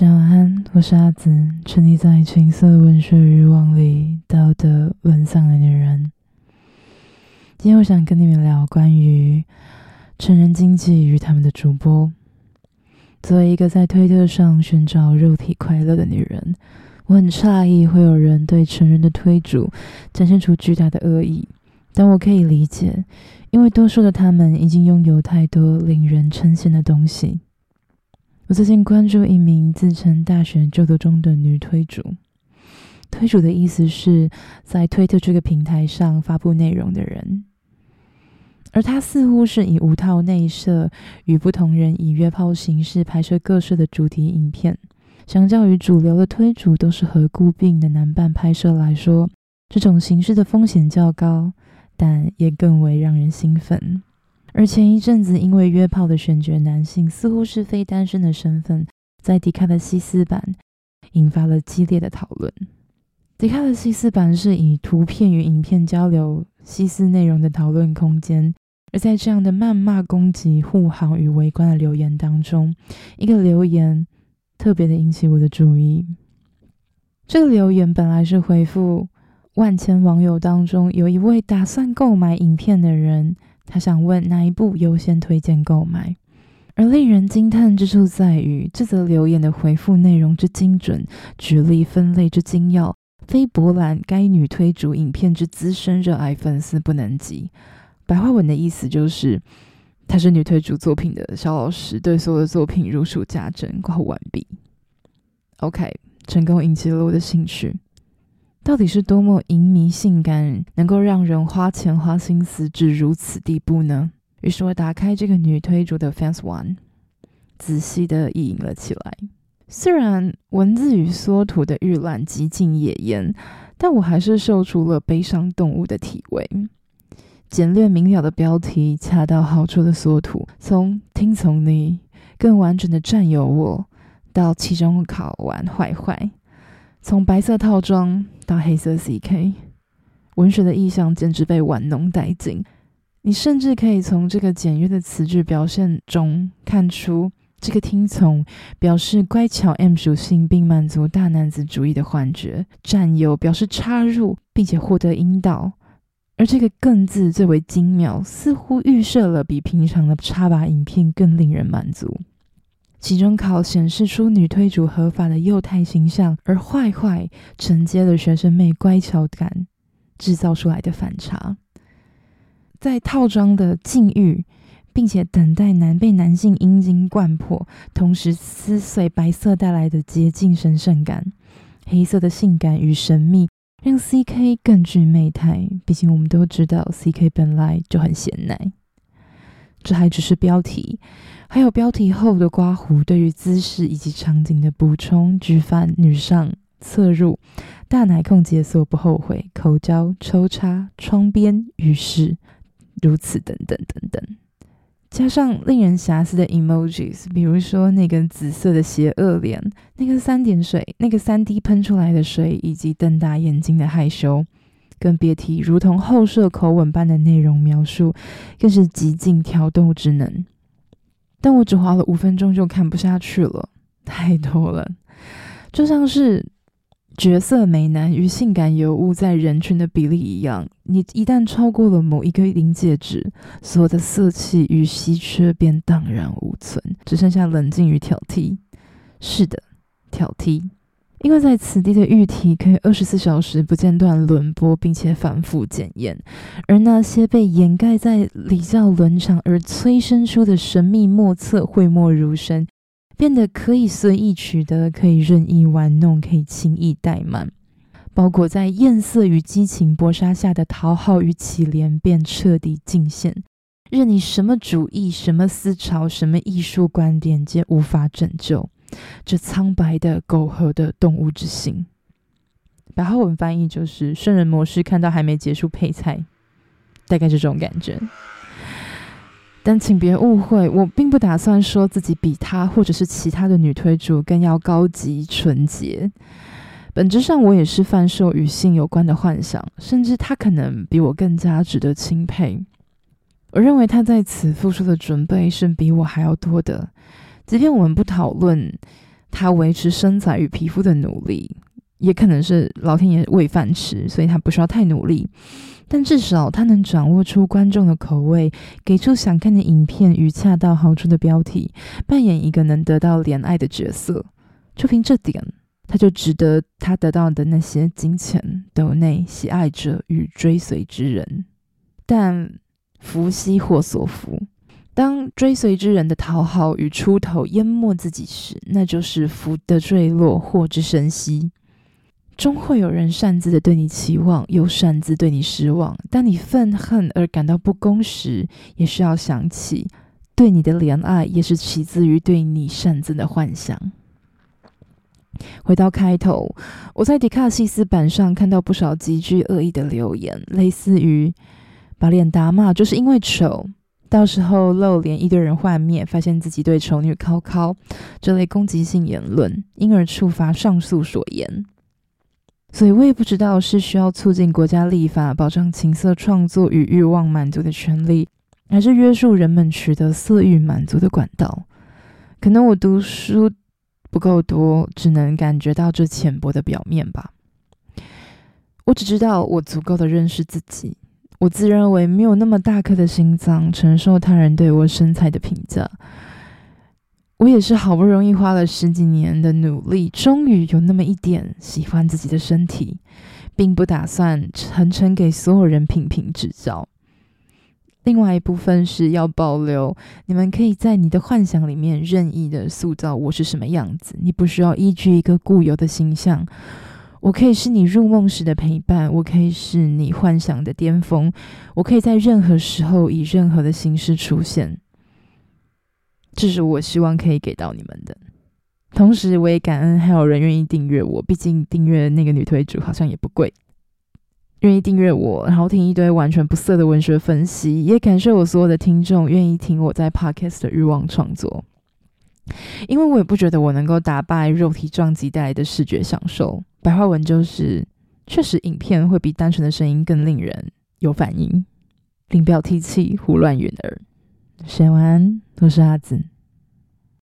大家晚安，我是阿梓，沉溺在情色文學欲望裡、道德淪喪的女人。今天我想跟你們聊關於成人經濟與她們的主播。作為一個在推特上尋找肉體快樂的女人，我很詫異會有人對成人的推主展現出巨大的惡意，但我可以理解，因為多數的他們已經擁有太多令人稱羨的東西。我最近關注一名自稱“大學就讀中”的女推主，推主的意思是在推特這個平台上發布內容的人，而她似乎是以無套內射與不同人以約炮形式拍攝各式的主題影片。相較於主流的推主都是和固定的男伴拍攝來說，這種形式的風險較高，但也更為讓人興奮。而前一陣子，因為約炮的選角男性似乎是非單身的身份，在迪卡的西斯版引發了激烈的討論。迪卡的西斯版是以圖片與影片交流西斯內容的討論空間。而在這樣的謾罵、攻擊、護航與圍觀的留言當中，一個留言特別的引起我的注意。這個留言本來是回復萬千網友當中有一位打算購買影片的人。他想問哪一部優先推薦購買？而令人驚嘆之處在於，這則留言的回覆內容之精準，舉例分類之精要，非博覽該女推主影片之資深熱愛粉絲不能及。白話文的意思就是，她是女推主作品的小老師，對所有的作品如數家珍，誇完畢。OK，成功引起了我的興趣。到底是多麼淫靡性感，能夠讓人花錢花心思至如此地步呢？於是，我打開這個女推主的 fans one，仔細的意淫了起來。雖然文字與縮圖的預覽極盡野豔，但我還是嗅出了悲傷動物的體味。簡略明了的標題，恰到好處的縮圖，從聽從你，更完整的佔有我，到期中考完壞壞。從白色套裝到黑色 CK，文學的意象簡直被玩弄殆盡。你甚至可以從這個簡約的詞句表現中看出，這個聽從表示乖巧 M 屬性，並滿足大男子主義的幻覺；占有表示插入並且獲得陰道，而這個更字最為精妙，似乎預設了比平常的插拔影片更令人滿足。其中考顯示出女推主合法的幼態形象，而壞壞承接了學生妹乖巧感，制造出來的反差，在套裝的禁慾，並且等待男被男性陰莖灌破，同時撕碎白色帶來的潔淨神聖感，黑色的性感與神秘讓 CK 更具媚態。畢竟我們都知道 CK 本來就很顯奶。這還只是標題，還有標題後的括弧對於姿勢以及場景的補充，舉凡女上側入，大奶控解鎖不後悔，口交抽插窗邊浴室，如此等等等等，加上令人遐思的 emojis，比如說那個紫色的邪惡臉，那個三點水，那個三滴噴出來的水，以及瞪大眼睛的害羞。更別提如同後設口吻般的內容描述，更是極盡挑逗之能。但我只花了五分鐘就看不下去了，太多了。就像是絕色美男與性感尤物在人群的比例一樣，你一旦超過了某一個臨界值，所有的色氣與稀缺便蕩然無存，只剩下冷靜與挑剔。是的，挑剔。因為在此地的玉體可以二十四小時不間斷輪播，並且反復檢驗，而那些被掩蓋在禮教倫常而催生出的神秘莫測、諱莫如深，變得可以隨意取得、可以任意玩弄、可以輕易怠慢，包裹在豔色與激情搏殺下的討好與乞憐便徹底盡現，任你什麼主義、什麼思潮、什麼藝術觀點，皆無法拯救。這蒼白的苟合的動物之心，白話文翻譯就是“聖人模式”，看到還沒結束配菜，大概是這種感覺。但請別誤會，我並不打算說自己比她或者是其他的女推主更要高級純潔。本質上，我也是販售與性有關的幻想，甚至她可能比我更加值得欽佩。我認為她在此付出的準備是比我還要多的。即便我們不討論他維持身材與皮膚的努力，也可能是老天爺餵飯吃，所以他不需要太努力。但至少他能掌握出觀眾的口味，給出想看的影片與恰到好處的標題，扮演一個能得到憐愛的角色。就憑這點，他就值得他得到的那些金錢、抖內喜愛者與追隨之人。但福兮禍所伏。當追隨之人的討好與出頭淹沒自己時，那就是福的墜落，禍之生息。終會有人擅自的對你期望，又擅自對你失望。當你憤恨而感到不公時，也需要想起，對你的憐愛也是起自於對你擅自的幻想。回到開頭，我在迪卡西斯版上看到不少極具惡意的留言，類似於“把臉打罵就是因為醜”。到時候露臉，一堆人幻滅，發現自己對醜女靠靠這類攻擊性言論，因而觸發上述所言。所以，我也不知道是需要促進國家立法保障情色創作與慾望滿足的權利，還是約束人們取得色慾滿足的管道。可能我讀書不夠多，只能感覺到這淺薄的表面吧。我只知道，我足夠的認識自己。我自認為沒有那麼大顆的心臟承受他人對我身材的評價。我也是好不容易花了十幾年的努力，終於有那麼一點喜歡自己的身體，並不打算誠誠給所有人品評指教。另外一部分是要保留，你們可以在你的幻想裡面任意的塑造我是什麼樣子，你不需要依據一個固有的形象。.我可以是你入夢時的陪伴，我可以是你幻想的巔峰，我可以在任何時候以任何的形式出現，這是我希望可以給到你們的。同時，我也感恩還有人願意訂閱我，畢竟訂閱那個女推主好像也不貴。願意訂閱我，然後聽一堆完全不色的文學分析，也感謝我所有的聽眾願意聽我在 Podcast 的欲望創作，因為我也不覺得我能夠打敗肉體撞擊帶來的視覺享受。白話文就是，確實，影片會比單純的聲音更令人有反應，令不要踢氣、胡亂雲耳。寫完，我是阿梓。